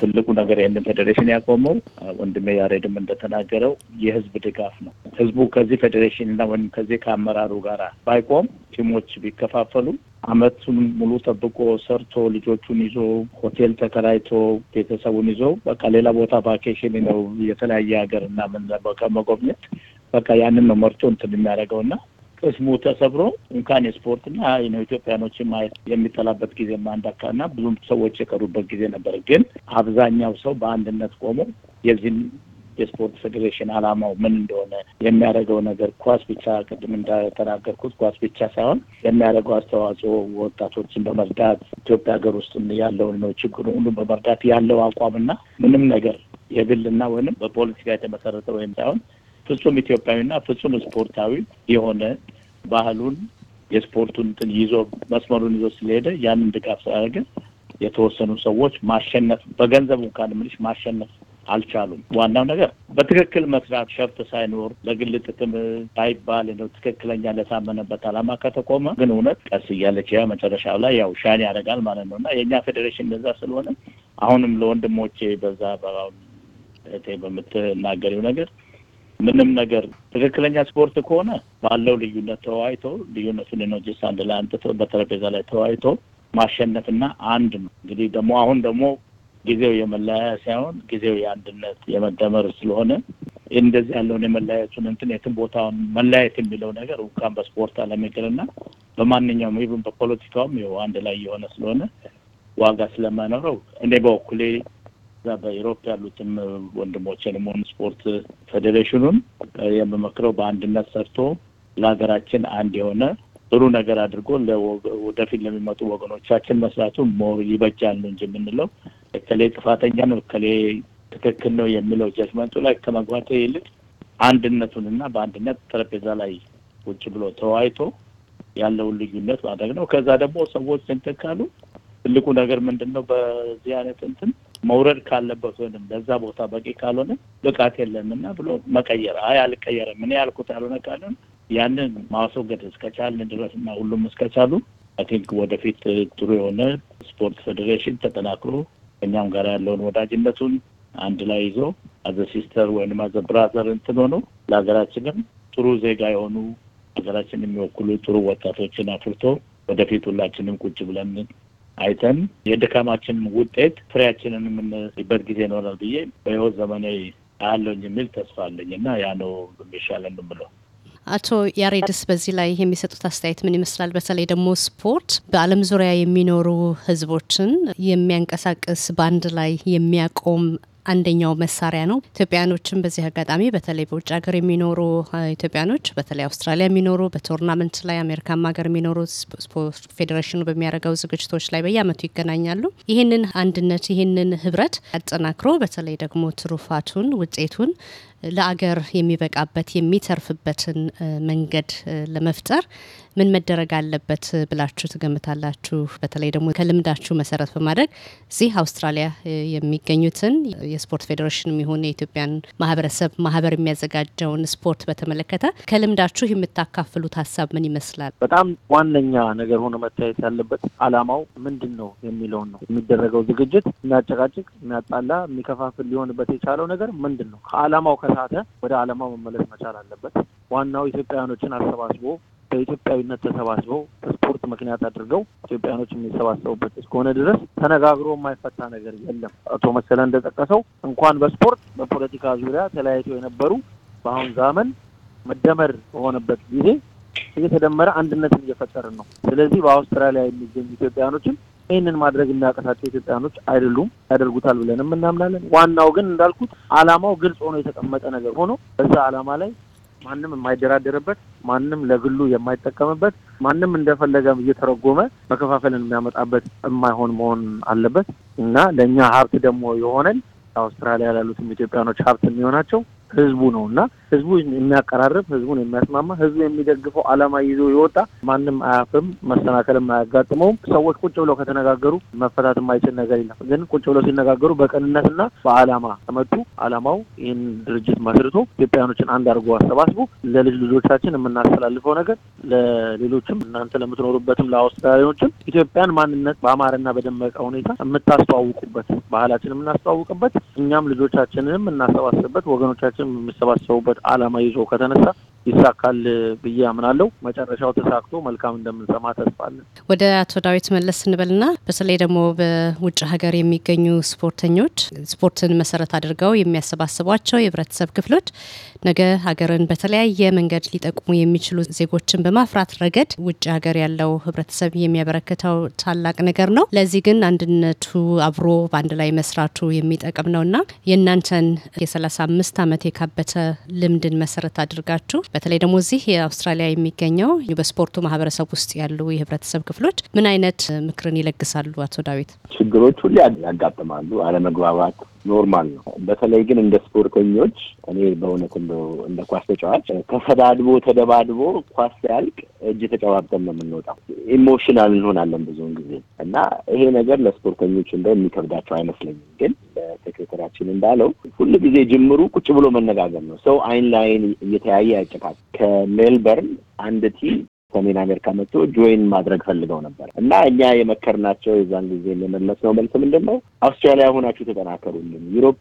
ትልቁ ነገር ይህንን ፌዴሬሽን ያቆመው ወንድሜ ያሬድም እንደተናገረው የህዝብ ድጋፍ ነው። ህዝቡ ከዚህ ፌዴሬሽን እና ወይም ከዚህ ከአመራሩ ጋር ባይቆም ቲሞች ቢከፋፈሉ አመቱን ሙሉ ጠብቆ ሰርቶ ልጆቹን ይዞ ሆቴል ተከራይቶ ቤተሰቡን ይዞ በቃ ሌላ ቦታ ቫኬሽን ነው የተለያየ ሀገር እና ምን መጎብኘት በቃ ያንን ነው መርጦ እንትን የሚያደርገው እና ቅስሙ ተሰብሮ እንኳን የስፖርትና ኢትዮጵያኖች ማየት የሚጠላበት ጊዜ ማንዳካ እና ብዙም ሰዎች የቀሩበት ጊዜ ነበር። ግን አብዛኛው ሰው በአንድነት ቆሞ የዚህን የስፖርት ፌዴሬሽን አላማው ምን እንደሆነ የሚያደርገው ነገር ኳስ ብቻ ቅድም እንደተናገርኩት ኳስ ብቻ ሳይሆን የሚያደርገው አስተዋጽኦ ወጣቶችን በመርዳት ኢትዮጵያ ሀገር ውስጥ ያለውን ነው ችግሩ ሁሉ በመርዳት ያለው አቋምና ምንም ነገር የግልና ወይም በፖለቲካ የተመሰረተ ወይም ሳይሆን ፍጹም ኢትዮጵያዊና ፍጹም ስፖርታዊ የሆነ ባህሉን የስፖርቱን እንትን ይዞ መስመሩን ይዞ ስለሄደ ያንን ድጋፍ ስላደረገ የተወሰኑ ሰዎች ማሸነፍ በገንዘቡ እንኳን ምልሽ ማሸነፍ አልቻሉም። ዋናው ነገር በትክክል መስራት፣ ሸፍት ሳይኖር ለግል ጥቅም ሳይባል ነው። ትክክለኛ ለታመነበት አላማ ከተቆመ ግን እውነት ቀስ እያለች ያ መጨረሻ ላይ ያው ሻን ያደርጋል ማለት ነው እና የእኛ ፌዴሬሽን እንደዛ ስለሆነ አሁንም ለወንድሞቼ በዛ በቴ በምትናገሪው ነገር ምንም ነገር ትክክለኛ ስፖርት ከሆነ ባለው ልዩነት ተወያይቶ ልዩነቱን ኢኖጂስ አንድ ላይ አንጥቶ በጠረጴዛ ላይ ተወያይቶ ማሸነፍና አንድ ነው። እንግዲህ ደግሞ አሁን ደግሞ ጊዜው የመለያያ ሳይሆን ጊዜው የአንድነት የመደመር ስለሆነ እንደዚህ ያለውን የመለያየቱን እንትን የትም ቦታውን መለያየት የሚለው ነገር እንኳን በስፖርት ዓለም ይቅርና በማንኛውም ይብን በፖለቲካውም ይኸው አንድ ላይ የሆነ ስለሆነ ዋጋ ስለማይኖረው እኔ በበኩሌ እዛ በኢሮፕ ያሉትም ወንድሞችንም ሆኑ ስፖርት ፌዴሬሽኑን የምመክረው በአንድነት ሰርቶ ለሀገራችን አንድ የሆነ ጥሩ ነገር አድርጎ ወደፊት ለሚመጡ ወገኖቻችን መስራቱ ሞር ይበጃል ነው እንጂ የምንለው እከሌ ጥፋተኛ ነው እከሌ ትክክል ነው የሚለው ጀጅመንቱ ላይ ከመግባት ይልቅ አንድነቱንና በአንድነት ጠረጴዛ ላይ ውጭ ብሎ ተወያይቶ ያለውን ልዩነት ማድረግ ነው። ከዛ ደግሞ ሰዎች እንትን ካሉ ትልቁ ነገር ምንድን ነው በዚህ አይነት እንትን መውረድ ካለበት ወይም ለዛ ቦታ በቂ ካልሆነ ብቃት የለምና ብሎ መቀየር፣ አይ አልቀየርም እኔ ያልኩት ያልሆነ ካልሆነ ያንን ማስወገድ እስከቻልን ድረስ እና ሁሉም እስከቻሉ አይ ቲንክ ወደፊት ጥሩ የሆነ ስፖርት ፌዴሬሽን ተጠናክሮ እኛም ጋር ያለውን ወዳጅነቱን አንድ ላይ ይዞ አዘ ሲስተር ወይም አዘ ብራዘር እንትን ሆኖ ለሀገራችንም ጥሩ ዜጋ የሆኑ ሀገራችን የሚወክሉ ጥሩ ወጣቶችን አፍርቶ ወደፊት ሁላችንም ቁጭ ብለን አይተን የድካማችን ውጤት ፍሬያችንን የምንበት ጊዜ ይኖራል ብዬ በሕይወት ዘመናዊ አለኝ የሚል ተስፋ አለኝ እና ያ ነው የሚሻለን ብሎ አቶ ያሬድስ በዚህ ላይ የሚሰጡት አስተያየት ምን ይመስላል? በተለይ ደግሞ ስፖርት በዓለም ዙሪያ የሚኖሩ ህዝቦችን የሚያንቀሳቅስ በአንድ ላይ የሚያቆም አንደኛው መሳሪያ ነው። ኢትዮጵያኖችም በዚህ አጋጣሚ በተለይ በውጭ ሀገር የሚኖሩ ኢትዮጵያኖች በተለይ አውስትራሊያ የሚኖሩ በቶርናመንት ላይ አሜሪካም ሀገር የሚኖሩ ስፖርት ፌዴሬሽኑ በሚያደርገው ዝግጅቶች ላይ በየአመቱ ይገናኛሉ። ይህንን አንድነት ይህንን ህብረት አጠናክሮ በተለይ ደግሞ ትሩፋቱን ውጤቱን ለአገር የሚበቃበት የሚተርፍበትን መንገድ ለመፍጠር ምን መደረግ አለበት ብላችሁ ትገምታላችሁ? በተለይ ደግሞ ከልምዳችሁ መሰረት በማድረግ እዚህ አውስትራሊያ የሚገኙትን የስፖርት ፌዴሬሽን የሚሆን የኢትዮጵያን ማህበረሰብ ማህበር የሚያዘጋጀውን ስፖርት በተመለከተ ከልምዳችሁ የምታካፍሉት ሀሳብ ምን ይመስላል? በጣም ዋነኛ ነገር ሆኖ መታየት ያለበት አላማው ምንድን ነው የሚለውን ነው። የሚደረገው ዝግጅት የሚያጨቃጭቅ፣ የሚያጣላ፣ የሚከፋፍል ሊሆንበት የቻለው ነገር ምንድን ነው? ከአላማው ከተሳተ ወደ ዓላማው መመለስ መቻል አለበት። ዋናው ኢትዮጵያውያኖችን አሰባስቦ በኢትዮጵያዊነት ተሰባስበው በስፖርት ምክንያት አድርገው ኢትዮጵያኖች የሚሰባሰቡበት እስከሆነ ድረስ ተነጋግሮ የማይፈታ ነገር የለም። አቶ መሰለ እንደጠቀሰው እንኳን በስፖርት በፖለቲካ ዙሪያ ተለያይተው የነበሩ በአሁን ዘመን መደመር በሆነበት ጊዜ እየተደመረ አንድነትን እየፈጠርን ነው። ስለዚህ በአውስትራሊያ የሚገኙ ኢትዮጵያኖችም ይህንን ማድረግ የሚያቀሳቸው ኢትዮጵያኖች አይደሉም፣ ያደርጉታል ብለንም እናምናለን። ዋናው ግን እንዳልኩት አላማው ግልጽ ሆኖ የተቀመጠ ነገር ሆኖ በዛ አላማ ላይ ማንም የማይደራደርበት ማንም ለግሉ የማይጠቀምበት ማንም እንደፈለገ እየተረጎመ መከፋፈልን የሚያመጣበት የማይሆን መሆን አለበት እና ለእኛ ሀብት ደግሞ የሆነን አውስትራሊያ ላሉትም ኢትዮጵያኖች ሀብት የሚሆናቸው ህዝቡ ነው እና ህዝቡ የሚያቀራርብ ህዝቡን የሚያስማማ ህዝቡ የሚደግፈው አላማ ይዞ የወጣ ማንም አያፍም፣ መሰናከልም አያጋጥመውም። ሰዎች ቁጭ ብለው ከተነጋገሩ መፈታት የማይችል ነገር የለም። ግን ቁጭ ብለው ሲነጋገሩ በቅንነትና በአላማ ከመጡ አላማው ይህን ድርጅት መስርቶ ኢትዮጵያኖችን አንድ አድርጎ አሰባስቦ ለልጅ ልጆቻችን የምናስተላልፈው ነገር ለሌሎችም እናንተ ለምትኖሩበትም ለአውስትራሊያኖችም ኢትዮጵያን ማንነት በአማረና በደመቀ ሁኔታ የምታስተዋውቁበት ባህላችን የምናስተዋውቅበት እኛም ልጆቻችንንም የምናሰባስብበት ወገኖቻችን የሚሰባሰቡበት አላማ ይዞ ከተነሳ ይሳካል ብዬ አምናለሁ። መጨረሻው ተሳክቶ መልካም እንደምንሰማ ተስፋለን። ወደ አቶ ዳዊት መለስ ስንበልና በተለይ ደግሞ በውጭ ሀገር የሚገኙ ስፖርተኞች ስፖርትን መሰረት አድርገው የሚያሰባስቧቸው የህብረተሰብ ክፍሎች ነገ ሀገርን በተለያየ መንገድ ሊጠቅሙ የሚችሉ ዜጎችን በማፍራት ረገድ ውጭ ሀገር ያለው ህብረተሰብ የሚያበረክተው ታላቅ ነገር ነው። ለዚህ ግን አንድነቱ አብሮ በአንድ ላይ መስራቱ የሚጠቅም ነውና የእናንተን የሰላሳ አምስት አመት የካበተ ልምድን መሰረት አድርጋችሁ በተለይ ደግሞ እዚህ የአውስትራሊያ የሚገኘው በስፖርቱ ማህበረሰብ ውስጥ ያሉ የህብረተሰብ ክፍሎች ምን አይነት ምክርን ይለግሳሉ? አቶ ዳዊት፣ ችግሮች ሁሌ ያጋጥማሉ። አለመግባባት ኖርማል ነው። በተለይ ግን እንደ ስፖርተኞች እኔ በእውነት እንደ ኳስ ተጫዋች ተሰዳድቦ ተደባድቦ ኳስ ሲያልቅ እጅ ተጨባብጠን ነው የምንወጣው። ኢሞሽናል እንሆናለን ብዙውን ጊዜ እና ይሄ ነገር ለስፖርተኞች እንደ የሚከብዳቸው አይመስለኝም ግን ሴክሬታችን እንዳለው ሁል ጊዜ ጅምሩ ቁጭ ብሎ መነጋገር ነው። ሰው አይን ለአይን እየተያየ ያጭቃል። ከሜልበርን አንድ ቲም ሰሜን አሜሪካ መጥቶ ጆይን ማድረግ ፈልገው ነበር እና እኛ የመከርናቸው የዛን ጊዜ ነው መልስ ምንድን ነው? አውስትራሊያ ሆናችሁ ተጠናከሩልን። ዩሮፕ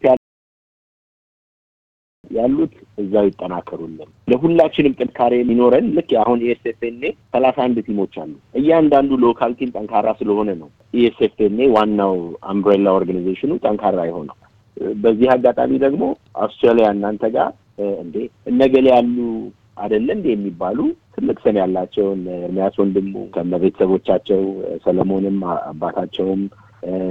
ያሉት እዛው ይጠናከሩልን። ለሁላችንም ጥንካሬ ሊኖረን ልክ አሁን ኢኤስኤፍኤንኤ e ሰላሳ አንድ ቲሞች አሉ። እያንዳንዱ ሎካል ቲም ጠንካራ ስለሆነ ነው ኢኤስኤፍኤንኤ e ዋናው አምብሬላ ኦርጋኒዜሽኑ ጠንካራ የሆነው። በዚህ አጋጣሚ ደግሞ አውስትራሊያ እናንተ ጋር እንዴ እነገሌ ያሉ አይደለ እንዴ የሚባሉ ትልቅ ስም ያላቸውን እርሚያስ ወንድሙ ከነ ሰለሞንም አባታቸውም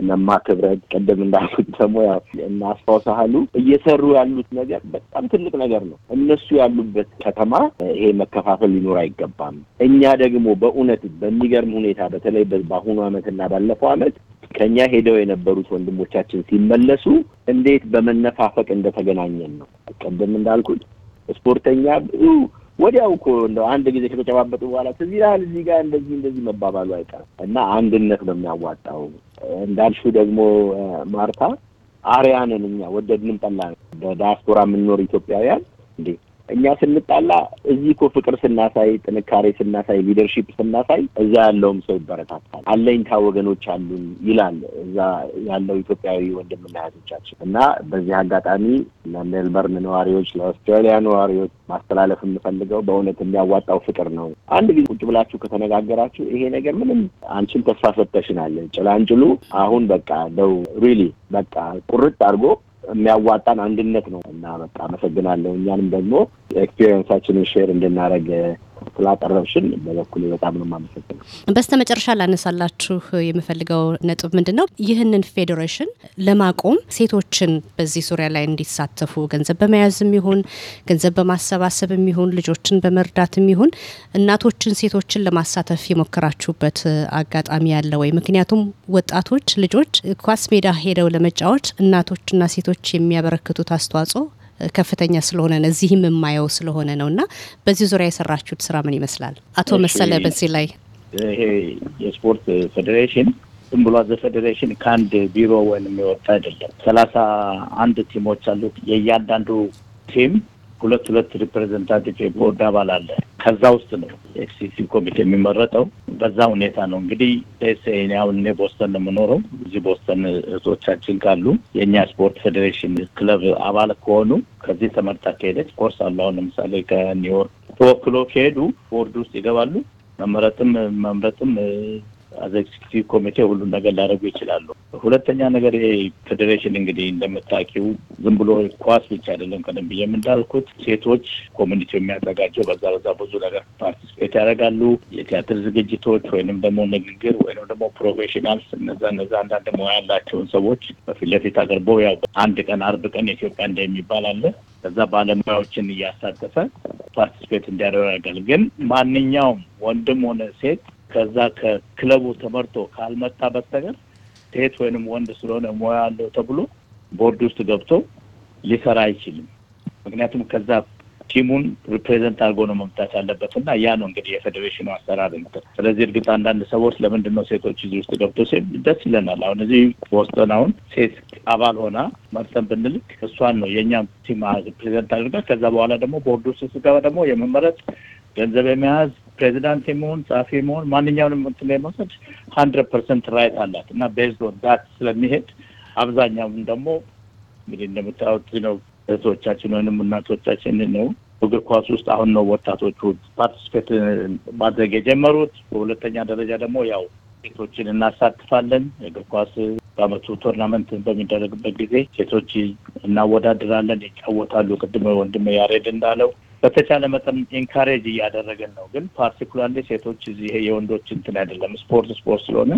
ነማ ክብረት ቅድም እንዳሉት ደግሞ ያው እና አስፋው እየሰሩ ያሉት ነገር በጣም ትልቅ ነገር ነው። እነሱ ያሉበት ከተማ ይሄ መከፋፈል ሊኖር አይገባም። እኛ ደግሞ በእውነት በሚገርም ሁኔታ በተለይ በአሁኑ ዓመት እና ባለፈው ዓመት ከኛ ሄደው የነበሩት ወንድሞቻችን ሲመለሱ እንዴት በመነፋፈቅ እንደተገናኘን ነው። ቀደም እንዳልኩት ስፖርተኛ ብዙ ወዲያው እኮ እንደው አንድ ጊዜ ከተጨባበጡ በኋላ ከዚህ ያህል እዚህ ጋር እንደዚህ እንደዚህ መባባሉ አይቀርም እና አንድነት ነው የሚያዋጣው። እንዳልሹ ደግሞ ማርታ አርያንን እኛ ወደድንም ጠላን በዲያስፖራ የምንኖር ኢትዮጵያውያን እንዴ እኛ ስንጣላ እዚህ እኮ ፍቅር ስናሳይ፣ ጥንካሬ ስናሳይ፣ ሊደርሺፕ ስናሳይ እዛ ያለውም ሰው ይበረታታል። አለኝታ ወገኖች አሉን ይላል እዛ ያለው ኢትዮጵያዊ ወንድምና እህቶቻችን እና በዚህ አጋጣሚ ለሜልበርን ነዋሪዎች፣ ለአውስትራሊያ ነዋሪዎች ማስተላለፍ የምፈልገው በእውነት የሚያዋጣው ፍቅር ነው። አንድ ጊዜ ቁጭ ብላችሁ ከተነጋገራችሁ ይሄ ነገር ምንም አንቺን ተስፋ ሰጥተሽናል ጭላንጭሉ አሁን በቃ ደው ሪሊ በቃ ቁርጥ አድርጎ የሚያዋጣን አንድነት ነው እና በቃ አመሰግናለሁ። እኛንም ደግሞ ኤክስፔሪየንሳችንን ሼር እንድናደርግ ስላቀረብሽን በበኩሌ በጣም ነው የማመሰግነው። በስተ መጨረሻ ላነሳላችሁ የምፈልገው ነጥብ ምንድን ነው? ይህንን ፌዴሬሽን ለማቆም ሴቶችን በዚህ ዙሪያ ላይ እንዲሳተፉ ገንዘብ በመያዝም ይሁን ገንዘብ በማሰባሰብ ይሁን ልጆችን በመርዳትም ይሁን እናቶችን፣ ሴቶችን ለማሳተፍ የሞከራችሁበት አጋጣሚ ያለ ወይ? ምክንያቱም ወጣቶች ልጆች ኳስ ሜዳ ሄደው ለመጫወት እናቶችና ሴቶች የሚያበረክቱት አስተዋጽኦ ከፍተኛ ስለሆነ ነው እዚህም የማየው ስለሆነ ነው እና በዚህ ዙሪያ የሰራችሁት ስራ ምን ይመስላል? አቶ መሰለ በዚህ ላይ ይሄ የስፖርት ፌዴሬሽን ዝም ብሎ ዘ ፌዴሬሽን ከአንድ ቢሮ ወይም የወጣ አይደለም። ሰላሳ አንድ ቲሞች አሉት። የእያንዳንዱ ቲም ሁለት ሁለት ሪፕሬዘንታቲቭ የቦርድ አባል አለ። ከዛ ውስጥ ነው ኤክሲሲ ኮሚቴ የሚመረጠው። በዛ ሁኔታ ነው እንግዲህ ኤስኤን አሁን እኔ ቦስተን ነው የምኖረው። እዚህ ቦስተን እህቶቻችን ካሉ የእኛ ስፖርት ፌዴሬሽን ክለብ አባል ከሆኑ ከዚህ ተመርጣ ከሄደች ኮርስ አሉ። አሁን ለምሳሌ ከኒውዮርክ ተወክሎ ከሄዱ ቦርድ ውስጥ ይገባሉ። መመረጥም መምረጥም አዘ ኤግዚኪቲቭ ኮሚቴ ሁሉን ነገር ላደርጉ ይችላሉ። ሁለተኛ ነገር ፌዴሬሽን እንግዲህ እንደምታውቂው ዝም ብሎ ኳስ ብቻ አይደለም። ቀደም ብዬ የምንዳልኩት ሴቶች ኮሚኒቲ የሚያዘጋጀው በዛ በዛ ብዙ ነገር ፓርቲስፔት ያደርጋሉ። የቲያትር ዝግጅቶች ወይንም ደግሞ ንግግር ወይንም ደግሞ ፕሮፌሽናልስ እነዛ እነዛ አንዳንድ ሙያ ያላቸውን ሰዎች በፊት ለፊት አቅርበው ያው አንድ ቀን አርብ ቀን የኢትዮጵያ እንደ የሚባል አለ ከዛ ባለሙያዎችን እያሳተፈ ፓርቲስፔት እንዲያደርጋል። ግን ማንኛውም ወንድም ሆነ ሴት ከዛ ከክለቡ ተመርቶ ካልመጣ በስተቀር ሴት ወይንም ወንድ ስለሆነ ሙያ አለው ተብሎ ቦርድ ውስጥ ገብቶ ሊሰራ አይችልም። ምክንያቱም ከዛ ቲሙን ሪፕሬዘንት አድርጎ ነው መምጣት ያለበት እና ያ ነው እንግዲህ የፌዴሬሽኑ አሰራር እንትን። ስለዚህ እርግጥ አንዳንድ ሰዎች ለምንድን ነው ሴቶች እዚህ ውስጥ ገብቶ ሴ ደስ ይለናል። አሁን እዚህ ቦስተን አሁን ሴት አባል ሆና መርጠን ብንልክ እሷን ነው የእኛም ቲም ሪፕሬዘንት አድርጋ ከዛ በኋላ ደግሞ ቦርድ ውስጥ ስገባ ደግሞ የመመረጥ ገንዘብ የመያዝ ፕሬዚዳንት የመሆን ጻፊ የመሆን ማንኛውንም እንትን ላይ መውሰድ ሀንድረድ ፐርሰንት ራይት አላት እና ቤዝድ ኦን ዳት ስለሚሄድ አብዛኛውም ደግሞ እንግዲህ እንደምታዩት ነው እህቶቻችን ወይም እናቶቻችን ነው እግር ኳስ ውስጥ አሁን ነው ወጣቶቹ ፓርቲስፔት ማድረግ የጀመሩት። በሁለተኛ ደረጃ ደግሞ ያው ሴቶችን እናሳትፋለን። እግር ኳስ በአመቱ ቶርናመንት በሚደረግበት ጊዜ ሴቶች እናወዳድራለን፣ ይጫወታሉ። ቅድመ ወንድም ያሬድ እንዳለው በተቻለ መጠን ኤንካሬጅ እያደረገን ነው። ግን ፓርቲኩላርሊ ሴቶች እዚህ የወንዶች እንትን አይደለም። ስፖርት ስፖርት ስለሆነ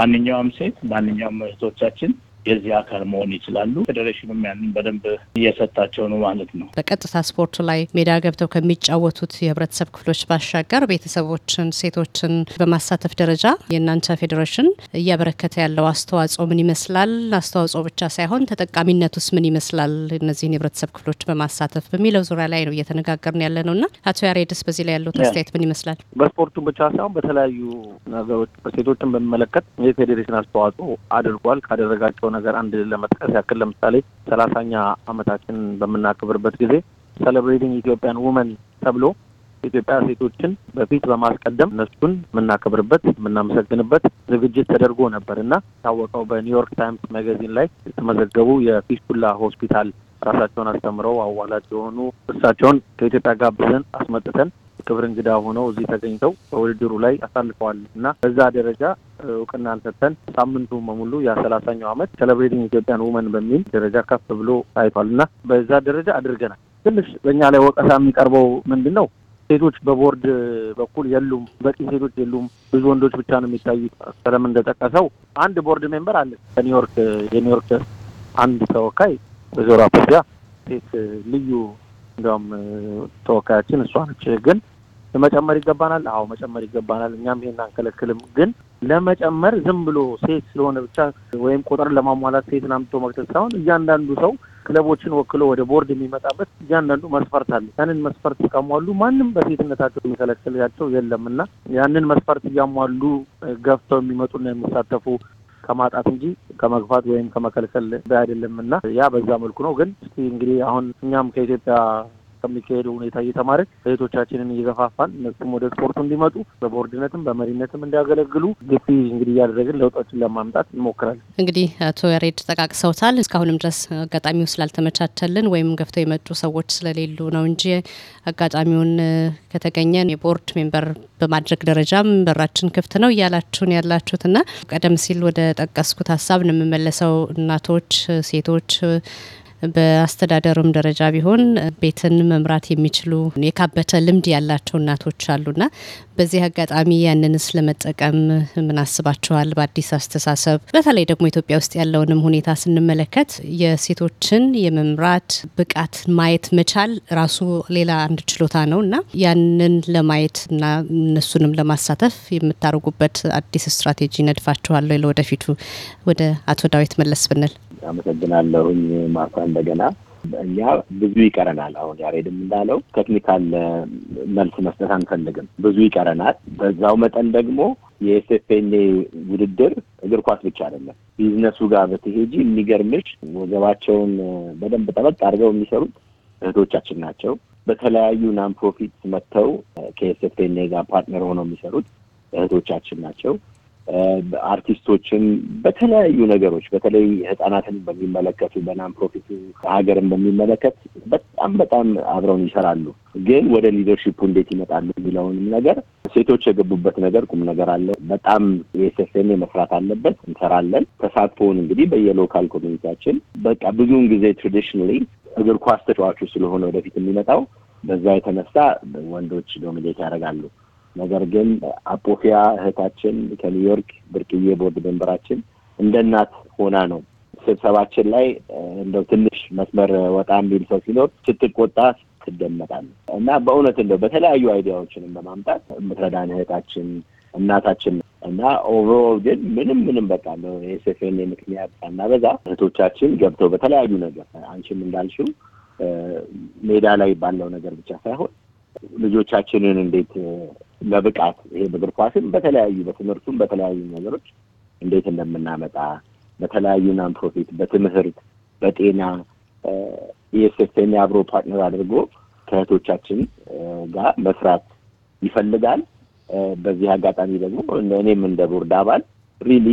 ማንኛውም ሴት ማንኛውም እህቶቻችን የዚህ አካል መሆን ይችላሉ። ፌዴሬሽኑም ያንን በደንብ እየሰጣቸው ነው ማለት ነው። በቀጥታ ስፖርቱ ላይ ሜዳ ገብተው ከሚጫወቱት የህብረተሰብ ክፍሎች ባሻገር ቤተሰቦችን፣ ሴቶችን በማሳተፍ ደረጃ የእናንተ ፌዴሬሽን እያበረከተ ያለው አስተዋጽኦ ምን ይመስላል? አስተዋጽኦ ብቻ ሳይሆን ተጠቃሚነቱስ ምን ይመስላል? እነዚህን የህብረተሰብ ክፍሎች በማሳተፍ በሚለው ዙሪያ ላይ ነው እየተነጋገርን ያለ ነው እና አቶ ያሬድስ በዚህ ላይ ያለው አስተያየት ምን ይመስላል? በስፖርቱ ብቻ ሳይሆን በተለያዩ ነገሮች ሴቶችን በሚመለከት የፌዴሬሽን አስተዋጽኦ አድርጓል ካደረጋቸው ነገር አንድ ለመጥቀስ ያክል ለምሳሌ ሰላሳኛ አመታችን በምናክብርበት ጊዜ ሴሌብሬቲንግ ኢትዮጵያን ውመን ተብሎ ኢትዮጵያ ሴቶችን በፊት በማስቀደም እነሱን የምናከብርበት የምናመሰግንበት ዝግጅት ተደርጎ ነበር እና ታወቀው በኒውዮርክ ታይምስ መጋዚን ላይ የተመዘገቡ የፊስቱላ ሆስፒታል ራሳቸውን አስተምረው አዋላጅ የሆኑ እሳቸውን ከኢትዮጵያ ጋብዘን አስመጥተን ክብር እንግዳ ሆነው እዚህ ተገኝተው በውድድሩ ላይ አሳልፈዋል እና በዛ ደረጃ እውቅና አልሰጠን ሳምንቱ በሙሉ የሰላሳኛው ዓመት ሴሌብሬቲንግ ኢትዮጵያን ውመን በሚል ደረጃ ከፍ ብሎ ታይቷል እና በዛ ደረጃ አድርገናል። ትንሽ በእኛ ላይ ወቀሳ የሚቀርበው ምንድን ነው? ሴቶች በቦርድ በኩል የሉም፣ በቂ ሴቶች የሉም፣ ብዙ ወንዶች ብቻ ነው የሚታዩት። ሰለምን እንደጠቀሰው አንድ ቦርድ ሜምበር አለ ከኒውዮርክ የኒውዮርክ አንድ ተወካይ ወይዘሮ አበቢያ ሴት ልዩ እንዲያውም ተወካያችን እሷ ነች ግን መጨመር ይገባናል። አዎ መጨመር ይገባናል። እኛም ይሄን አንከለክልም። ግን ለመጨመር ዝም ብሎ ሴት ስለሆነ ብቻ ወይም ቁጥር ለማሟላት ሴትን አምጥቶ መክተት ሳይሆን እያንዳንዱ ሰው ክለቦችን ወክሎ ወደ ቦርድ የሚመጣበት እያንዳንዱ መስፈርት አለ። ያንን መስፈርት ካሟሉ ማንም በሴትነታቸው የሚከለክላቸው የለም እና ያንን መስፈርት እያሟሉ ገፍተው የሚመጡና የሚሳተፉ ከማጣት እንጂ ከመግፋት ወይም ከመከልከል አይደለም እና ያ በዛ መልኩ ነው። ግን እንግዲህ አሁን እኛም ከኢትዮጵያ ከሚካሄደው ሁኔታ እየተማረች እህቶቻችንን እየገፋፋን እነሱም ወደ ስፖርቱ እንዲመጡ በቦርድነትም በመሪነትም እንዲያገለግሉ ግፊ እንግዲህ እያደረግን ለውጦችን ለማምጣት እንሞክራለን። እንግዲህ አቶ ያሬድ ጠቃቅሰውታል። እስካሁንም ድረስ አጋጣሚው ስላልተመቻቸልን ወይም ገፍተው የመጡ ሰዎች ስለሌሉ ነው እንጂ አጋጣሚውን ከተገኘ የቦርድ ሜምበር በማድረግ ደረጃም በራችን ክፍት ነው እያላችሁን ያላችሁትና ቀደም ሲል ወደ ጠቀስኩት ሀሳብ ነው የምመለሰው እናቶች፣ ሴቶች በአስተዳደርም ደረጃ ቢሆን ቤትን መምራት የሚችሉ የካበተ ልምድ ያላቸው እናቶች አሉና በዚህ አጋጣሚ ያንንስ ለመጠቀም ምን አስባችኋል? በአዲስ አስተሳሰብ በተለይ ደግሞ ኢትዮጵያ ውስጥ ያለውንም ሁኔታ ስንመለከት የሴቶችን የመምራት ብቃት ማየት መቻል ራሱ ሌላ አንድ ችሎታ ነው እና ያንን ለማየት እና እነሱንም ለማሳተፍ የምታደርጉበት አዲስ ስትራቴጂ ነድፋችኋለሁ ለወደፊቱ ወደ አቶ ዳዊት መለስ ብንል አመሰግናለሁኝ ማርኳ እንደገና እኛ ብዙ ይቀረናል። አሁን ያሬድም እንዳለው ቴክኒካል መልስ መስጠት አንፈልግም። ብዙ ይቀረናል። በዛው መጠን ደግሞ የኤስኤፍኤንኤ ውድድር እግር ኳስ ብቻ አይደለም። ቢዝነሱ ጋር በተሄጂ የሚገርምሽ ወገባቸውን በደንብ ጠበቅ አድርገው የሚሰሩት እህቶቻችን ናቸው። በተለያዩ ናን ፕሮፊት መጥተው ከኤስኤፍኤንኤ ጋር ፓርትነር ሆነው የሚሰሩት እህቶቻችን ናቸው። አርቲስቶችን በተለያዩ ነገሮች በተለይ ህጻናትን በሚመለከቱ በናን ፕሮፊቱ ሀገርን በሚመለከት በጣም በጣም አብረውን ይሰራሉ። ግን ወደ ሊደርሺፑ እንዴት ይመጣሉ የሚለውንም ነገር ሴቶች የገቡበት ነገር ቁም ነገር አለ። በጣም የኤስኤፍኤም መስራት አለበት፣ እንሰራለን። ተሳትፎውን እንግዲህ በየሎካል ኮሚኒቲያችን በቃ ብዙውን ጊዜ ትራዲሽናሊ እግር ኳስ ተጫዋቹ ስለሆነ ወደፊት የሚመጣው በዛ የተነሳ ወንዶች ዶሚኔት ያደርጋሉ። ነገር ግን አፖፊያ እህታችን ከኒውዮርክ ብርቅዬ ቦርድ ሜምበራችን እንደ እናት ሆና ነው ስብሰባችን ላይ እንደው ትንሽ መስመር ወጣ የሚል ሰው ሲኖር ስትቆጣ ትደመጣል እና በእውነት እንደው በተለያዩ አይዲያዎችንም በማምጣት የምትረዳን እህታችን እናታችን እና ኦቨሮል ግን ምንም ምንም በቃ ነው የሴፌን ምክንያት እና በዛ እህቶቻችን ገብተው በተለያዩ ነገር አንቺም እንዳልሽው ሜዳ ላይ ባለው ነገር ብቻ ሳይሆን ልጆቻችንን እንዴት ለብቃት ይሄ እግር ኳስን በተለያዩ በትምህርቱም በተለያዩ ነገሮች እንዴት እንደምናመጣ በተለያዩ ናን ፕሮፊት በትምህርት በጤና ኢኤስኤፍን አብሮ ፓርትነር አድርጎ ከእህቶቻችን ጋር መስራት ይፈልጋል። በዚህ አጋጣሚ ደግሞ እኔም እንደ ቦርድ አባል ሪሊ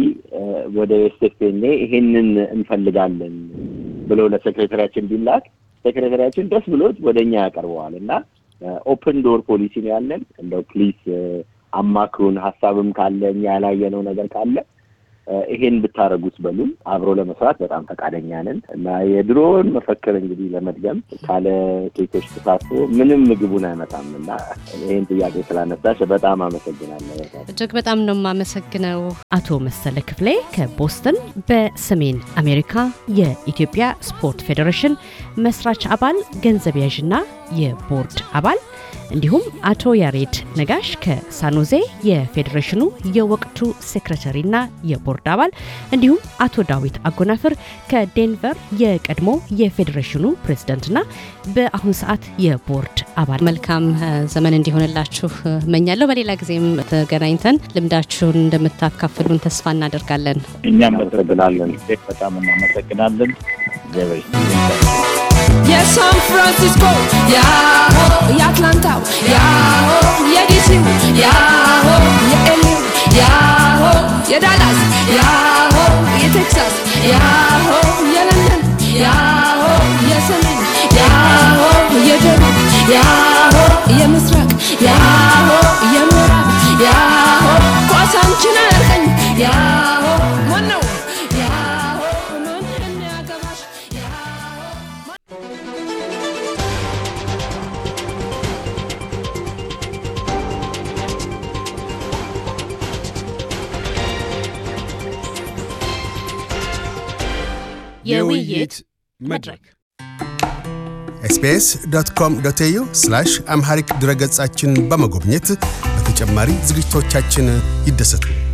ወደ ኢኤስኤፍን e ይሄንን እንፈልጋለን ብሎ ለሴክሬታሪያችን ቢላክ ሴክሬታሪያችን ደስ ብሎት ወደ እኛ ያቀርበዋል እና ኦፕን ዶር ፖሊሲ ነው ያለን። እንደው ፕሊስ አማክሩን፣ ሀሳብም ካለ እኛ ያላየነው ነገር ካለ ይሄን ብታደረጉት በሉን። አብሮ ለመስራት በጣም ፈቃደኛ ነን እና የድሮውን መፈክር እንግዲህ ለመድገም ካለ ሴቶች ተሳትፎ ምንም ምግቡን አይመጣም እና ይህን ጥያቄ ስላነሳሽ በጣም አመሰግናለሁ። እጅግ በጣም ነው የማመሰግነው አቶ መሰለ ክፍሌ ከቦስተን በሰሜን አሜሪካ የኢትዮጵያ ስፖርት ፌዴሬሽን መስራች አባል ገንዘብ ያዥና የቦርድ አባል እንዲሁም አቶ ያሬድ ነጋሽ ከሳኖዜ የፌዴሬሽኑ የወቅቱ ና የቦርድ አባል እንዲሁም አቶ ዳዊት አጎናፍር ከዴንቨር የቀድሞ የፌዴሬሽኑ ና በአሁን ሰዓት የቦርድ አባል። መልካም ዘመን እንዲሆንላችሁ መኛለሁ በሌላ ጊዜም ተገናኝተን ልምዳችሁን እንደምታካፍሉን ተስፋ እናደርጋለን። እኛም መሰግናለን። በጣም እናመሰግናለን። የሳን ፍራንሲስኮ ያሆ የአትላንታው ያሆ የዲሲው ያሆ የኤሌው ያሆ የዳላስ ያሆ የቴክሳስ ያሆ የለንደን ያሆ የሰሜን ያሆ የደቡብ ያሆ የምስራቅ ያሆ የምዕራብ ያሆ ኳሳንችን አያልቀኝ ያሆ የውይይት መድረክ ኤስቢኤስ ዶት ኮም ዶት ኤዩ ስላሽ አምሃሪክ ድረገጻችን በመጎብኘት በተጨማሪ ዝግጅቶቻችን ይደሰቱ።